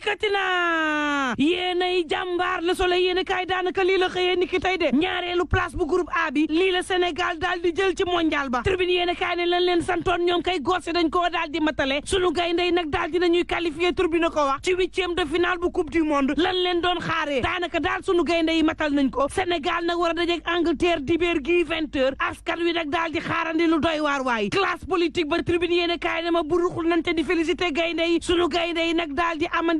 dikkati na yéenay jàmbaar le soleil yéen daanaka lii la xëyee ni ki tey de ñaareelu place bu groupe A bi lii la Sénégal daal di jël ci mondial ba tribune yéen ne lan leen santoon ñoom kay goose dañ koo daal di matale sunu gayndey nag daal dinañuy qualifié tribune ko wax ci huitième de finale bu coupe du monde lan leen doon xaaree daanaka daal sunu gaynde matal nañ ko Sénégal nag war a dajeek Angleterre dibéer gii vingt heures askan wi nag daal di xaarandi lu doy waar waay classe politique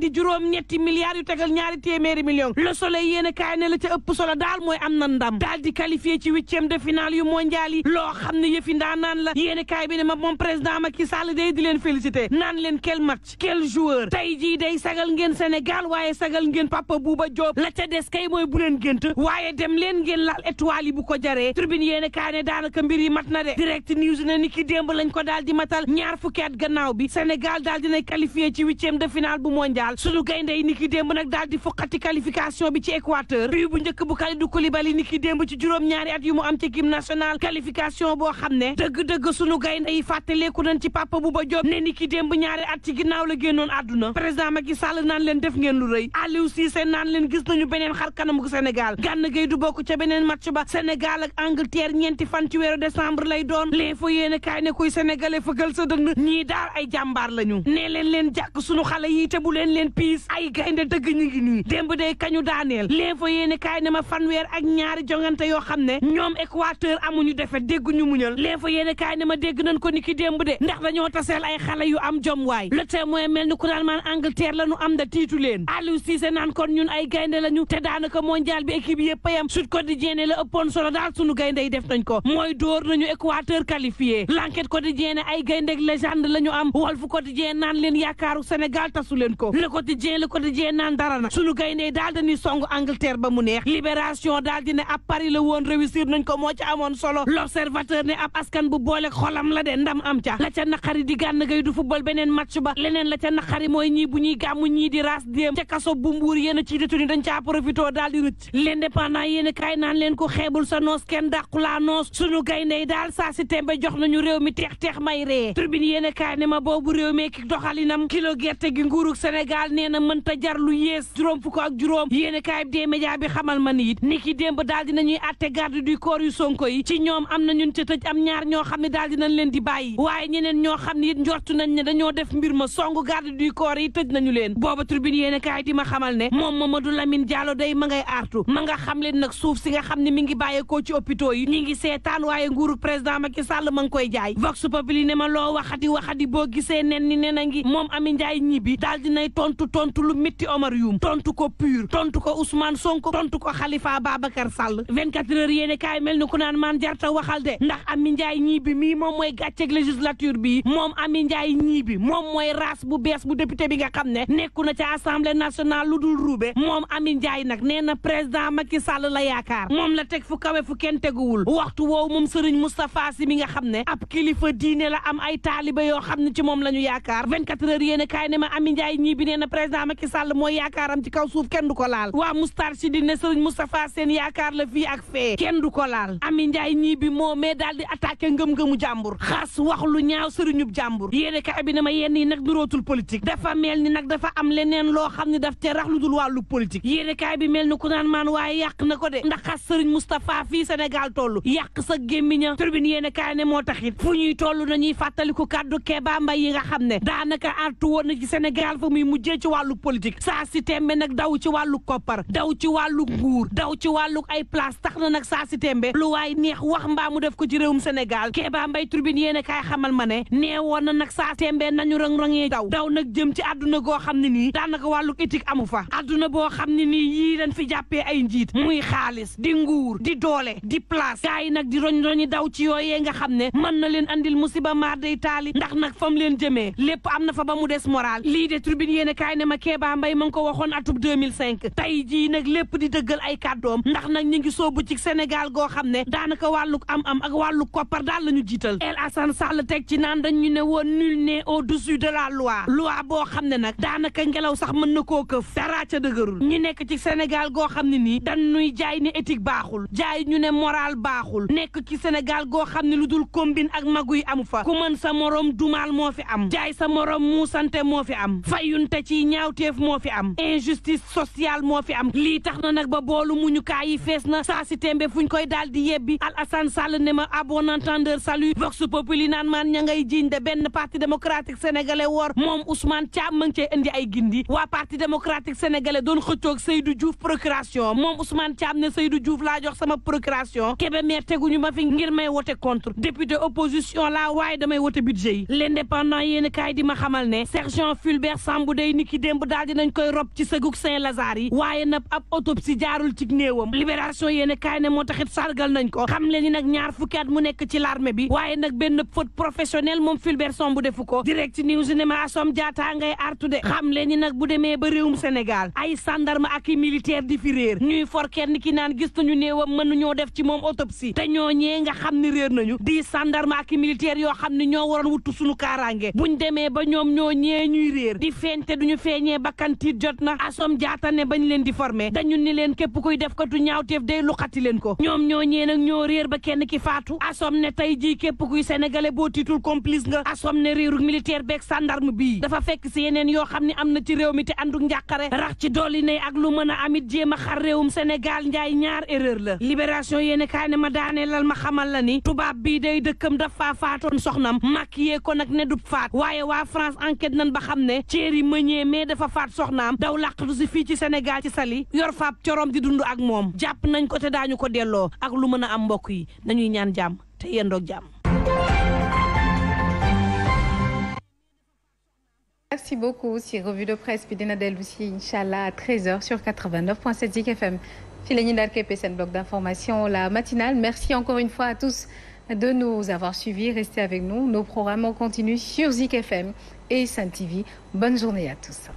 di juróom-ñetti milliards yu tegal ñaari téeméeri millions le soleil yéen a kaay la ca ëpp solo daal mooy am na ndam daal di qualifié ci huitième de finale yu mondial yi loo xam ne yëfi ndaanaan la yéen kaay bi ne ma moom président Macky Sall day di leen félicité naan leen quel match quel joueur tey jii day sagal ngeen Sénégal waaye sagal ngeen Papa Bouba Diop la ca des kay moy bu leen gent waaye dem leen ngeen laal étoile yi bu ko jaree tribune yéen a kaay ne daanaka mbir yi mat na de direct news ne ni ki démb lañ ko daal di matal ñaar fukki gannaaw bi Sénégal daal dina qualifié ci huitième de finale bu mondial sunu gaynde yi niki démb nag daal di foqati qualification bi ci Équateur bi bu njëkk bu Kalidou i niki démb ci juróom-ñaari at yu mu am ci équipe nationale qualification boo xam ne dëgg-dëgg sunu gaynde yi fàttaleeku nañ ci Papa Bouba Diop ne niki démb ñaari at ci ginnaaw la génnoon àdduna président Macky Sall naan leen def ngeen lu rëy Aliou Cissé naan leen gis nañu beneen xar kanamu Sénégal gànn gay du bokk ca beneen match ba Sénégal ak Angleterre ñeenti fan ci weeru décembre lay doon l'info yéen a kaay ne kuy sénégalais fëgal sa dënn ñii ay jàmbaar lañu nee leen leen jàkk yi te bu leen leen piis ay gaynde dëgg ñu ngi nii démb day kañu daaneel l'info yéeni kaay ne ma fanweer ak ñaari jongante yoo xam ne ñoom Équateur amuñu defet dégguñu muñal l'info yéeni kaay ne ma dégg nañ ko ni ki démb de ndax dañoo taseel ay xale yu am jom waay le témoin mel ni ku naan maan Angleterre la ñu am da tiitu leen Aliou Cissé naan kon ñun ay gaynde lañu te daanaka mondial bi équipe yëpp yam di Quotidien la ëppoon solo daal sunu gaynde yi def nañ ko mooy dóor nañu Équateur qualifié l'enquête quotidien ay gaynde légende la ñu am Walf naan leen yaakaaru Sénégal tasu leen ko quotidien le quotidien naan dara na sunu gaynde daal dañuy song Angleterre ba mu neex liberation daal di ne ab pari la woon réussir nañ ko moo ci amoon solo l'observateur ne ab askan bu boole xolam la de ndam am ca la ca naqari di gànn gay du football beneen match ba leneen la ca naqari mooy ñii bu ñuy mu ñii di raas déem ca kaso bu mbuur yéen a ciy détenu dañ caa profitoo daal di rëcc l'indépendant yéen a kaay naan leen ko xeebul sa noos kenn dàqulaa noos sunu gaynde daal saa si tembe jox nañu réew mi teex teex may ree turbine yéen a kaay ne ma boobu réew mi ki doxalinam gerte gi nguurug Sénégal daal nee na mënta jar lu yées juróom fukk ak juróom yéene kaay bi média bi xamal ma ni it ni ki démb daal nañuy atte garde du corps yu sonko yi ci ñoom am na ñun ca tëj am ñaar ñoo xam ne daal dinañ leen di bàyyi waaye ñeneen ñoo xam ne it njortu nañ ne dañoo def mbir ma songu garde du corps yi tëj nañu leen booba tribune yéene kaay di ma xamal ne moom Mamadou Lamine Diallo day ma ngay aartu ma nga xam leen nag suuf si nga xam ne mi ngi bàyyeekoo ci hôpitaux yi ñi ngi seetaan waaye nguuru président Macky Sall ma ngi koy jaay vox populi ne ma loo waxati waxati boo gisee nen ni nen a ngi moom Ami Ndiaye ñibbi daal dinay tontu tontu tontu lu métti Omar Youm tontu ko pur tontu ko Ousmane Sonko tontu ko Khalifa Babacar Sall 24 heures yéene kaay mel ni ku naan maan jarta waxal de ndax Ami Ndiaye ñii bi moom mooy gàcceeg législature bi moom Ami Ndiaye ñii moom mooy race bu bees bu député bi nga xam ne nekku na ca assemblée nationale lu dul ruube moom Ami Ndiaye nag nee na président Macky Sall la yaakaar moom la teg fu kawe fu kenn teguwul waxtu woowu moom Serigne Moustapha Sy mi nga xam n ab kilifa la am ay taaliba yoo xam ne ci moom na président Macky Sall mooy yaakaaram ci kaw suuf kenn du ko laal waa Moustarchidine ne Serigne Moustapha Sène yaakaar la fii ak fee kenn du ko laal Ami Ndiaye ñii bi moo mais daal di attaqué ngëm-ngëmu jàmbur xas wax lu ñaaw sëriñub jàmbur yéene kaay bi ne ma yenn yi nag nurootul politique dafa mel ni nag dafa am leneen loo xam ne daf te rax lu dul wàllu politique yéene kaay bi mel ni ku naan maan waaye yàq na ko de ndax xas Serigne Moustapha fii Sénégal tollu yàq sa gémmiña turbine yéene kaay ne moo taxit fu ñuy toll nañuy fàttaliku kàddu Keba Mbaye yi nga xam ne daanaka artu woon na mujj dikkee ci wàllu politique saa si tembe nag daw ci wàllu koppar daw ci wàllu nguur daw ci wàllu ay place tax na nag saa si tembe lu waay neex wax mbaa mu def ko ci réewum Sénégal Kéba Mbaye tribune yéene kaay xamal ma ne nee woon na nag saa tembe nañu rëng-rëngee daw daw nag jëm ci àdduna goo xam ne nii daanaka wàllu éthique amu fa àdduna boo xam ne nii yii leen fi jàppee ay njiit muy xaalis di nguur di doole di place gars yi nag di roñ roñi daw ci yooyee nga xam ne mën na leen andil musiba maar day taali ndax nag fam leen jëmee lépp am na fa ba mu de tribune kaay ne ma Kéba Mbaye ma ngi ko waxoon atub tey jii nag lépp di dëggal ay kàddoom ndax nag ñu ngi soobu ci Sénégal goo xam ne daanaka wàllu am-am ak wàllu koppar daal la ñu jiital El Assane Sall teg ci naan dañu ne woon nul ne au-dessus de la loi loi boo xam ne nag daanaka ngelaw sax mën na koo këf dara ca dëgërul ñi nekk ci Sénégal goo xam ne nii dañuy jaay ne éthique baaxul jaay ñu ne moral baaxul nekk ci senegal goo xam ne lu dul combine ak maguy amu fa ku mën sa morom dumaal moo fi am jaay sa morom muusante moo fi am ci ñaawteef moo fi am injustice sociale moo fi am lii tax na nag ba boolu muñukaay yi fees na saa si tembe fu ñu koy daal di yebbi Al Hassan Sall ne ma à bon entendeur salut vox populi naan maan ña ngay jiiñ de benn parti démocratique sénégalais woor moom Ousmane Thiam ma cee indi ay gindi waa parti démocratique sénégalais doon xëccoog Seydou Diouf procuration moom Ousmane Thiam ne du Diouf laa jox sama procuration kebe meer teguñu ma fi ngir may wote contre député opposition laa waaye damay wote budget yi l'indépendant yéen kaay di ma xamal ne sergent niki démb daal dinañ koy rob ci sëgug Saint-Lazare yi waaye nag ab autopsie jaarul ci néewam yéene kaay ne moo taxit sargal nañ ko xam le ni ñaar fukki at mu nekk ci l'armée bi waaye nag benn faute professionnelle moom Fulbert Sambou defu ko direct news ne ma Assome Diatta ngay artu de xam le ni nag bu demee ba réewum Sénégal ay sandarma ak i militaire di fi réer ñuy for kenn ki naan gis nañu néewam mënuñoo def ci moom autopsie te ñoo ñooñee nga xam ni réer nañu di sandarma ak i militaire yoo xam ne ñoo waroon wuttu suñu kaaraange buñ demee ba ñoom ñoo ñee ñuy réer di feente duñu ñu feeñee bakkan tiit jot na asom jaata ne bañ leen di formé dañu ni leen képp kuy def ko du katu ñaawteef day lu xati leen ko ñoom ñoo ñee nag ñoo réer ba kenn ki faatu asom ne tey jii képp kuy senegale boo tiitul complice nga asom ne réeru militaire beeg gendarme bii dafa fekk si yeneen yoo xam ne am na ci réew mi te ànduk njàqare rax ci dolli ne ak lu mën a amit jéema a xar réewum senegal njaay ñaar erreur la libération yéene kaay ne ma daanee lal ma xamal la ni tubaab bii day dëkkam dafa faatoon soxnam màkk yee ko nag ne du faat waaye waa France Gueye mais dafa faat soxnaam daw làqatu si fii ci Sénégal ci sali yor faab corom di dund ak moom jàpp nañ ko te daañu ko delloo ak lu mën a am mbokk yi nañuy ñaan jàmm te yendoog jàmm merci beaucoup si revue de presse bi dina dellu si à 13h sur 89.7 Zik FM fii la ñuy daal bloc d'information la matinale merci encore une fois à tous de nous avoir suivis. Restez avec nous. Nos programmes en continu sur Zik FM et Saint TV. Bonne journée à tous.